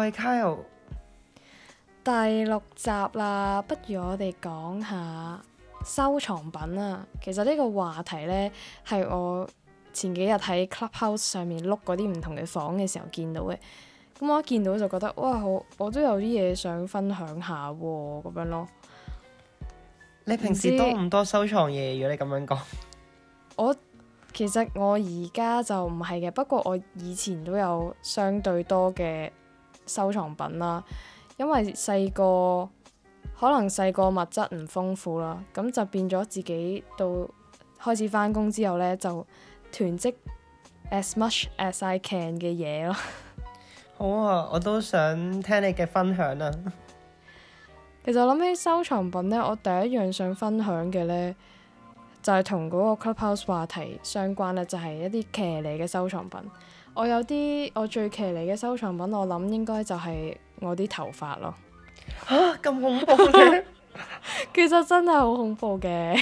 愛 Kyle 第六集啦，不如我哋講下收藏品啊。其實呢個話題呢，係我前幾日喺 Clubhouse 上面碌嗰啲唔同嘅房嘅時候見到嘅。咁我一見到就覺得哇，我我都有啲嘢想分享下咁、啊、樣咯。你平時多唔多收藏嘢？如果你咁樣講，我其實我而家就唔係嘅，不過我以前都有相對多嘅。收藏品啦，因為細個可能細個物質唔豐富啦，咁就變咗自己到開始返工之後呢，就囤積 as much as I can 嘅嘢咯。好啊，我都想聽你嘅分享啊。其實我諗起收藏品呢，我第一樣想分享嘅呢，就係同嗰個 clubhouse 話題相關啦，就係一啲騎呢嘅收藏品。我有啲我最騎呢嘅收藏品，我諗應該就係我啲頭髮咯。咁、啊、恐怖嘅， 其實真係好恐怖嘅，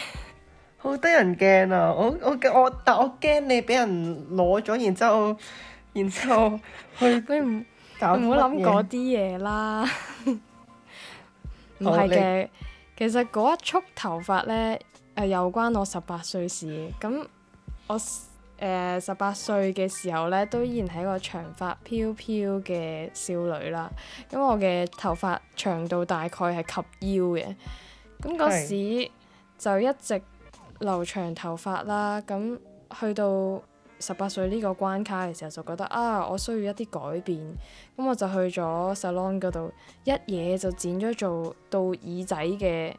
好得人驚啊！我我我，但我驚你俾人攞咗，然之後，然之後，後 你唔唔好諗嗰啲嘢啦。唔係嘅，oh, 你其實嗰一束頭髮咧，誒有關我十八歲事。咁我。誒十八歲嘅時候呢，都依然係一個長髮飄飄嘅少女啦。咁我嘅頭髮長度大概係及腰嘅。咁嗰時就一直留長頭髮啦。咁去到十八歲呢個關卡嘅時候，就覺得啊，我需要一啲改變。咁我就去咗 salon 嗰度，一嘢就剪咗做到耳仔嘅。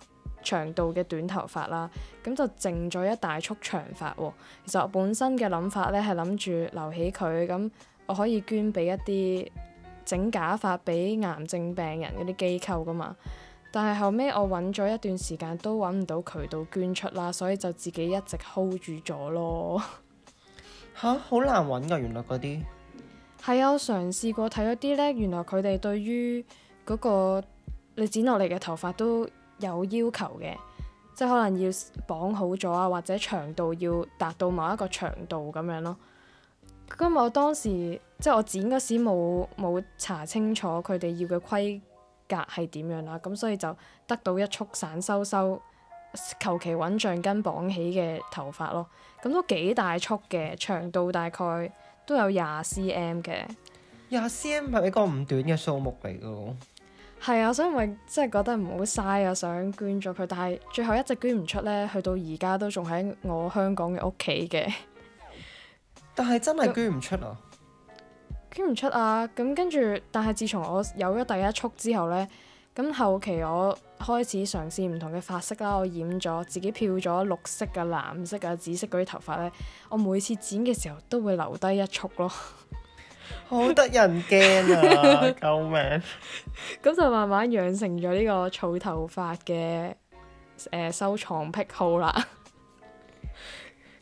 長度嘅短頭髮啦，咁就剩咗一大束長髮喎。其實我本身嘅諗法呢，係諗住留起佢，咁我可以捐俾一啲整假髮俾癌症病人嗰啲機構噶嘛。但係後尾我揾咗一段時間都揾唔到渠道捐出啦，所以就自己一直 hold 住咗咯。吓， 好難揾㗎，原來嗰啲係啊！我嘗試過睇嗰啲呢，原來佢哋對於嗰個你剪落嚟嘅頭髮都～有要求嘅，即係可能要綁好咗啊，或者長度要達到某一個長度咁樣咯。咁我當時即係我剪嗰時冇冇查清楚佢哋要嘅規格係點樣啦，咁所以就得到一束散修修，求其揾橡筋綁起嘅頭髮咯。咁都幾大束嘅，長度大概都有廿 cm 嘅。廿 cm 係一個唔短嘅數目嚟㗎。係啊，所以咪即係覺得唔好嘥啊，想捐咗佢，但係最後一直捐唔出咧，去到而家都仲喺我香港嘅屋企嘅。但係真係捐唔出啊！捐唔出啊！咁跟住，但係自從我有咗第一束之後咧，咁後期我開始嘗試唔同嘅髮色啦，我染咗自己漂咗綠色嘅、藍色嘅、紫色嗰啲頭髮咧，我每次剪嘅時候都會留低一束咯。好得人驚啊！ 救命！咁 就慢慢養成咗呢個草頭髮嘅誒、呃、收藏癖好啦。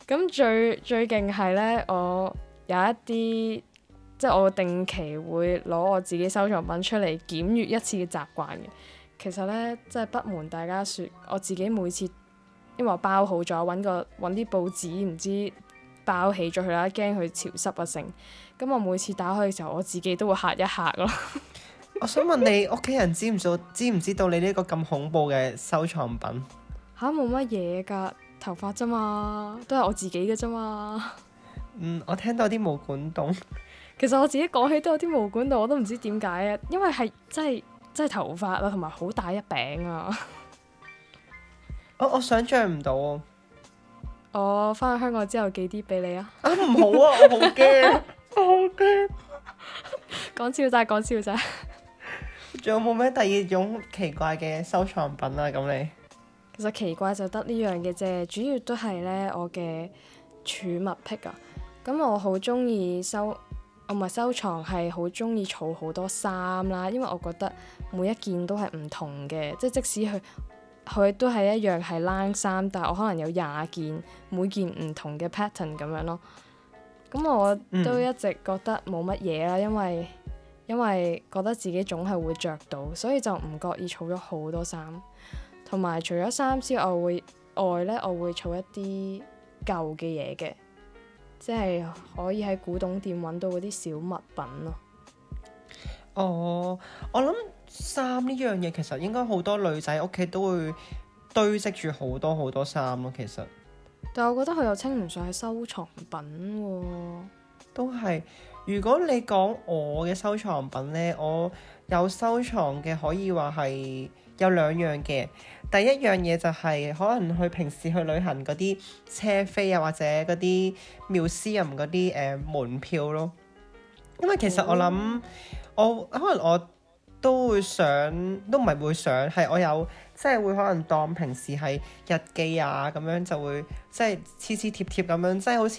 咁 最最勁係咧，我有一啲即係我定期會攞我自己收藏品出嚟檢閲一次嘅習慣嘅。其實咧，即係不瞞大家説，我自己每次，因為我包好咗，揾個揾啲報紙唔知。包起咗佢啦，驚佢潮濕咁聲，咁我每次打開嘅時候，我自己都會嚇一嚇咯。我想問你屋企 人知唔知？知唔知道你呢個咁恐怖嘅收藏品？吓、啊，冇乜嘢㗎，頭髮咋嘛，都係我自己嘅咋嘛。嗯，我聽到啲毛管凍。其實我自己講起都有啲毛管凍，我都唔知點解啊，因為係真係真係頭髮啊，同埋好大一餅啊。我我想像唔到。我翻去香港之後寄啲俾你啊，啊！啊唔好啊，我好驚， 我好驚。講笑咋，講笑咋。仲有冇咩第二種奇怪嘅收藏品啊？咁你其實奇怪就得呢樣嘅啫，主要都係咧，我嘅儲物癖啊。咁我好中意收，我唔係收藏，係好中意儲好多衫啦。因為我覺得每一件都係唔同嘅，即係即使佢。佢都係一樣係冷衫，但係我可能有廿件，每件唔同嘅 pattern 咁樣咯。咁我都一直覺得冇乜嘢啦，嗯、因為因為覺得自己總係會着到，所以就唔覺意儲咗好多衫。同埋除咗衫之外，會外呢，我會儲一啲舊嘅嘢嘅，即係可以喺古董店揾到嗰啲小物品咯。哦，我諗。衫呢樣嘢，其實應該好多女仔屋企都會堆積住好多好多衫咯，其實。但係我覺得佢又稱唔上係收藏品。都係，如果你講我嘅收藏品呢，我有收藏嘅可以話係有兩樣嘅。第一樣嘢就係可能去平時去旅行嗰啲車飛啊，或者嗰啲 museum 嗰啲誒門票咯。因為其實我諗，嗯、我可能我。都會想，都唔係會想。係我有，即係會可能當平時係日記啊，咁樣就會，即係黐黐貼貼咁樣，即係好似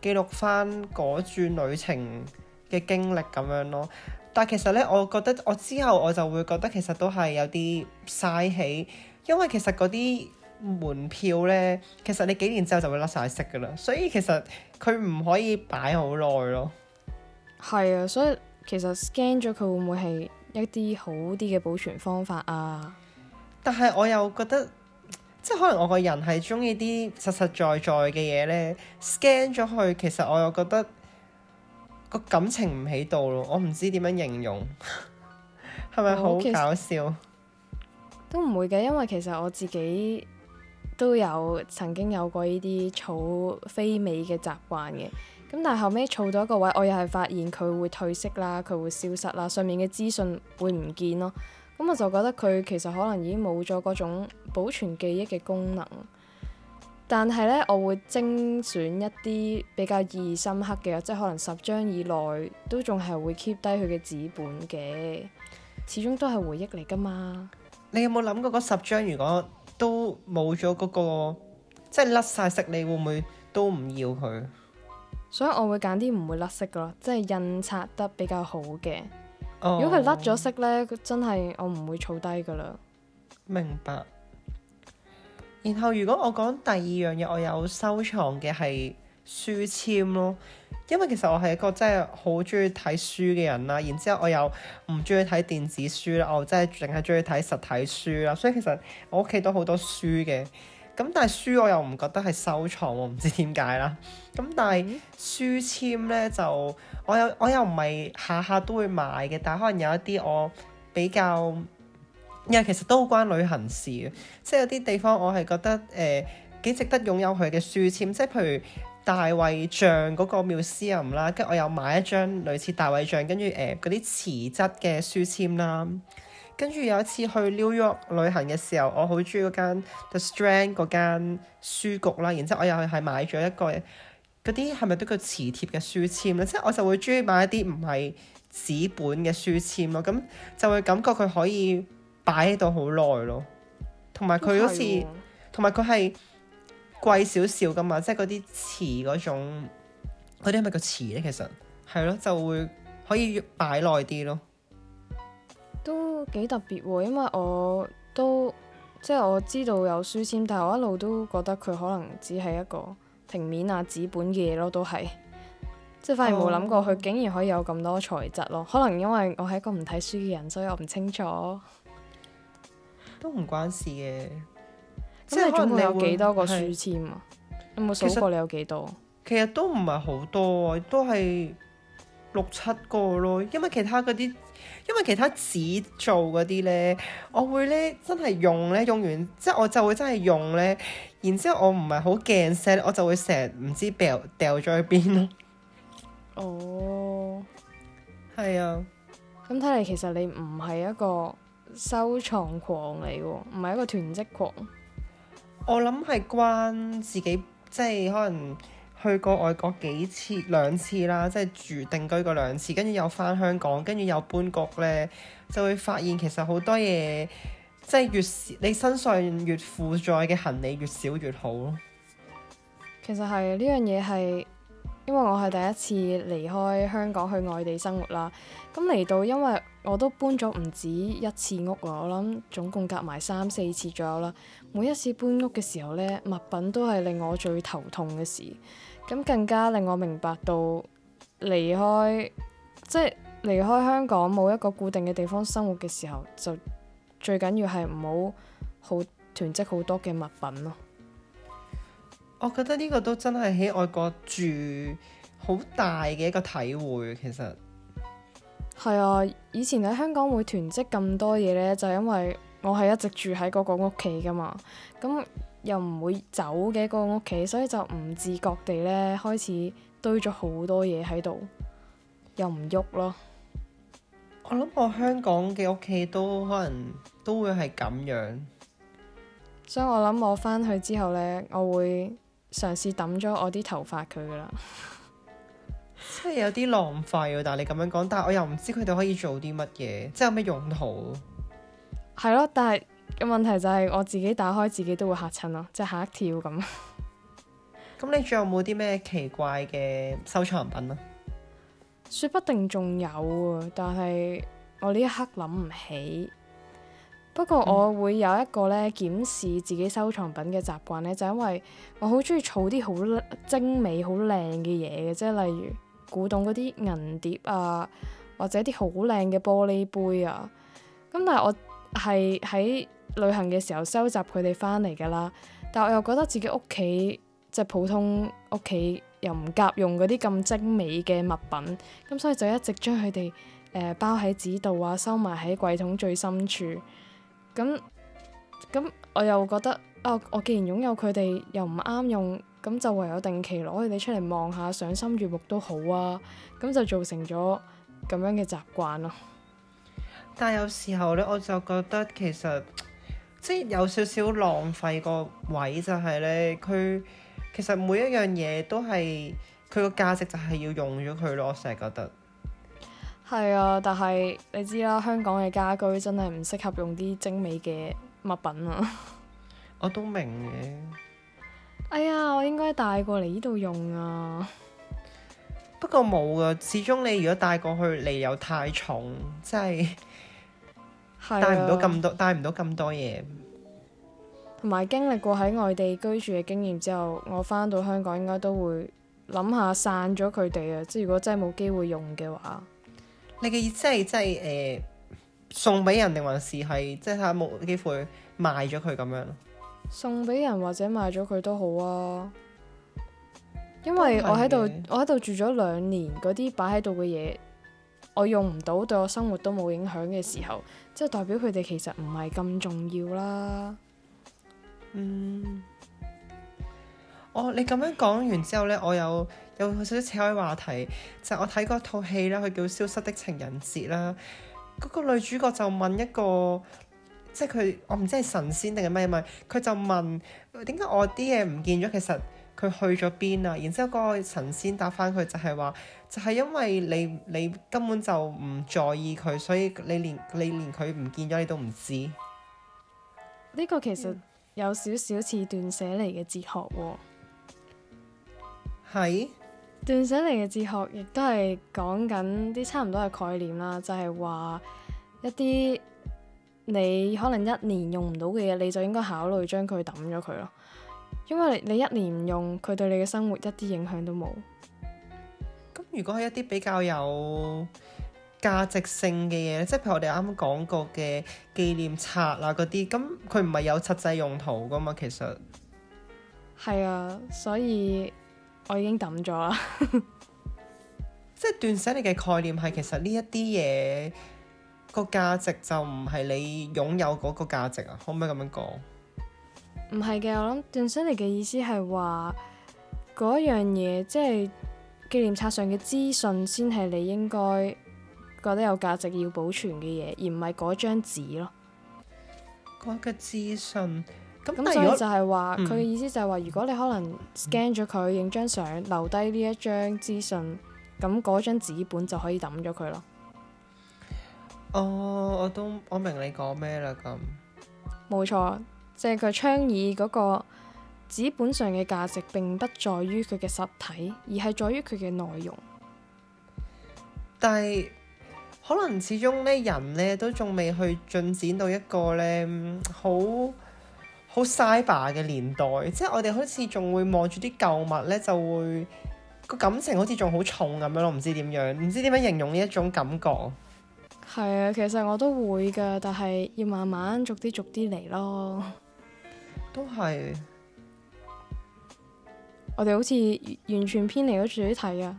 記錄返嗰轉旅程嘅經歷咁樣咯。但係其實呢，我覺得我之後我就會覺得其實都係有啲嘥氣，因為其實嗰啲門票呢，其實你幾年之後就會甩晒色㗎喇，所以其實佢唔可以擺好耐咯。係啊，所以其實 scan 咗佢會唔會係？一啲好啲嘅保存方法啊！但係我又覺得，即係可能我個人係中意啲實實在在嘅嘢咧，scan 咗去，其實我又覺得個感情唔喺度咯，我唔知點樣形容，係咪好搞笑？哦，都唔會嘅，因為其實我自己都有曾經有過呢啲草非美嘅習慣嘅。咁但係後尾儲咗一個位，我又係發現佢會褪色啦，佢會消失啦，上面嘅資訊會唔見咯。咁我就覺得佢其實可能已經冇咗嗰種保存記憶嘅功能。但係呢，我會精選一啲比較意義深刻嘅，即係可能十張以內都仲係會 keep 低佢嘅紙本嘅，始終都係回憶嚟噶嘛。你有冇諗過十張如果都冇咗嗰個，即係甩晒色，你會唔會都唔要佢？所以我會揀啲唔會甩色㗎咯，即係印刷得比較好嘅。Oh. 如果佢甩咗色咧，真係我唔會儲低㗎啦。明白。然後如果我講第二樣嘢，我有收藏嘅係書籤咯，因為其實我係一個真係好中意睇書嘅人啦。然之後我又唔中意睇電子書啦，我真係淨係中意睇實體書啦。所以其實我屋企都好多書嘅。咁但係書我又唔覺得係收藏喎，唔知點解啦。咁 但係書簽咧就，我又我又唔係下下都會買嘅，但係可能有一啲我比較，因為其實都好關旅行事嘅，即係有啲地方我係覺得誒幾、呃、值得擁有佢嘅書簽，即係譬如大衛像嗰個妙斯林啦，跟住我又買一張類似大衛像，跟住誒嗰啲瓷質嘅書簽啦。跟住有一次去 New York 旅行嘅時候，我好中意嗰間 The Strand 嗰間書局啦，然之後我又係買咗一個嗰啲係咪都叫磁貼嘅書籤咧？即係我就會中意買一啲唔係紙本嘅書籤咯，咁就會感覺佢可以擺喺度好耐咯。同埋佢好似，同埋佢係貴少少噶嘛，即係嗰啲磁嗰種，嗰啲係咪叫磁咧？其實係咯，就會可以擺耐啲咯。都幾特別喎，哦，因為我都即係我知道有書簽，但係我一路都覺得佢可能只係一個平面啊，紙本嘅嘢咯，都係即係反而冇諗過佢竟然可以有咁多材質咯。可能因為我係一個唔睇書嘅人，所以我唔清楚。都唔關事嘅。咁你總共有幾多個書簽啊？有冇數過你有幾多其？其實都唔係好多啊，都係六七個咯。因為其他嗰啲。因為其他紙做嗰啲咧，我會咧真係用咧，用完即係我就會真係用咧，然之後我唔係好驚聲，我就會成日唔知掉掉咗去邊咯。哦，係啊，咁睇嚟，其實你唔係一個收藏狂嚟喎，唔係一個囤積狂。我諗係關自己，即係可能。.去過外國幾次兩次啦，即係住定居過兩次，跟住又翻香港，跟住又搬局呢，就會發現其實好多嘢，即係越你身上越負載嘅行李，越少越好咯。其實係呢樣嘢係。這個因為我係第一次離開香港去外地生活啦，咁嚟到因為我都搬咗唔止一次屋啊，我諗總共隔埋三四次左右啦。每一次搬屋嘅時候咧，物品都係令我最頭痛嘅事，咁更加令我明白到離開即係、就是、離開香港冇一個固定嘅地方生活嘅時候，就最緊要係唔好好囤積好多嘅物品咯。我覺得呢個都真係喺外國住好大嘅一個體會，其實係啊！以前喺香港會囤積咁多嘢呢，就因為我係一直住喺嗰個屋企噶嘛，咁又唔會走嘅個屋企，所以就唔自覺地呢，開始堆咗好多嘢喺度，又唔喐咯。我諗我香港嘅屋企都可能都會係咁樣，所以我諗我翻去之後呢，我會。嘗試抌咗我啲頭髮佢噶啦，即係有啲浪費啊！ 但係你咁樣講，但係我又唔知佢哋可以做啲乜嘢，即係有咩用途？係咯， 但係個問題就係我自己打開自己都會吓親咯，即係吓一跳咁。咁你仲有冇啲咩奇怪嘅收藏品啊？ 說不定仲有，但係我呢一刻諗唔起。不過我會有一個咧檢視自己收藏品嘅習慣咧，嗯、就因為我好中意儲啲好精美好靚嘅嘢嘅，即係，例如古董嗰啲銀碟啊，或者啲好靚嘅玻璃杯啊。咁但係我係喺旅行嘅時候收集佢哋翻嚟㗎啦，但係我又覺得自己屋企即係、普通屋企又唔夾用嗰啲咁精美嘅物品，咁所以就一直將佢哋誒包喺紙度啊，收埋喺櫃桶最深處。咁咁我又覺得啊，我既然擁有佢哋，又唔啱用，咁就唯有定期攞佢哋出嚟望下，賞心悅目都好啊。咁就造成咗咁樣嘅習慣咯。但係有時候呢，我就覺得其實即係有少少浪費個位就係呢，佢其實每一樣嘢都係佢個價值就係要用咗佢咯，我成日覺得。係啊，但係你知啦，香港嘅家居真係唔適合用啲精美嘅物品啊。 我都明嘅。哎呀，我應該帶過嚟呢度用啊。不過冇啊，始終你如果帶過去，嚟又太重，即係的帶唔到咁多，帶唔到咁多嘢。同埋經歷過喺外地居住嘅經驗之後，我返到香港應該都會諗下散咗佢哋啊。即係如果真係冇機會用嘅話。你嘅意思係即係誒、呃、送俾人定還是係即係冇機會賣咗佢咁樣？送俾人或者賣咗佢都好啊，因為我喺度我喺度住咗兩年，嗰啲擺喺度嘅嘢我用唔到，對我生活都冇影響嘅時候，即係、嗯、代表佢哋其實唔係咁重要啦。嗯。我、哦、你咁樣講完之後呢，我有有少少扯開話題，就係、我睇過套戲啦，佢叫《消失的情人節》啦。嗰、嗰個女主角就問一個，即係佢，我唔知係神仙定係咩問。佢就問點解我啲嘢唔見咗？其實佢去咗邊啊？然之後嗰個神仙答返佢就係話，就係、係、因為你你根本就唔在意佢，所以你連你連佢唔見咗你都唔知。呢個其實、嗯、有少少似斷捨離嘅哲學喎、哦。係斷捨離嘅哲學，亦都係講緊啲差唔多嘅概念啦，就係話一啲你可能一年用唔到嘅嘢，你就應該考慮將佢抌咗佢咯。因為你一年唔用，佢對你嘅生活一啲影響都冇。咁如果係一啲比較有價值性嘅嘢，即係譬如我哋啱啱講過嘅紀念冊啊嗰啲，咁佢唔係有實際用途噶嘛？其實係啊，所以。我已經抌咗啦。即係斷捨離嘅概念係，其實呢一啲嘢個價值就唔係你擁有嗰個價值啊，可唔可以咁樣講？唔係嘅，我諗斷捨離嘅意思係話嗰樣嘢，即係紀念冊上嘅資訊先係你應該覺得有價值要保存嘅嘢，而唔係嗰張紙咯。嗰個資訊。咁所以就係話，佢嘅意思就係話，如果你可能 scan 咗佢，影、嗯、張相留低呢一張資訊，咁嗰張紙本就可以抌咗佢咯。哦，我都我明你講咩啦，咁冇錯，即係佢倡議嗰個紙本上嘅價值並不在於佢嘅實體，而係在於佢嘅內容。但係可能始終呢人呢都仲未去進展到一個呢好好 cyber 嘅年代，即係我哋好似仲會望住啲舊物呢，就會個感情好似仲好重咁樣咯，唔知點樣，唔知點樣,樣形容呢一種感覺。係啊，其實我都會㗎，但係要慢慢逐啲逐啲嚟咯。都係是。我哋好似完全偏離咗主題啊！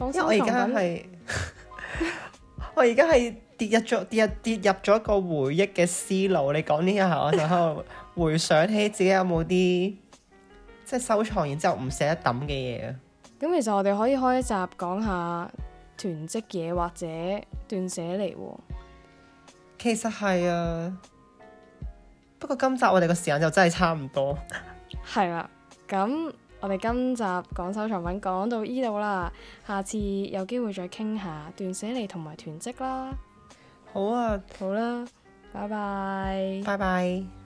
因為我而家係。 我而家係跌入咗跌入跌入咗一個回憶嘅思路，你講呢一下，我就喺度回想起自己有冇啲即係收藏然，然之後唔捨得抌嘅嘢啊。咁其實我哋可以開一集講下囤積嘢，或者斷捨離。其實係啊，不過今集我哋個時間就真係差唔多。係啦，啊，咁。我哋今集講收藏品講到呢度啦，下次有機會再傾下斷捨離同埋囤積啦。好啊，好啦，拜拜。拜拜。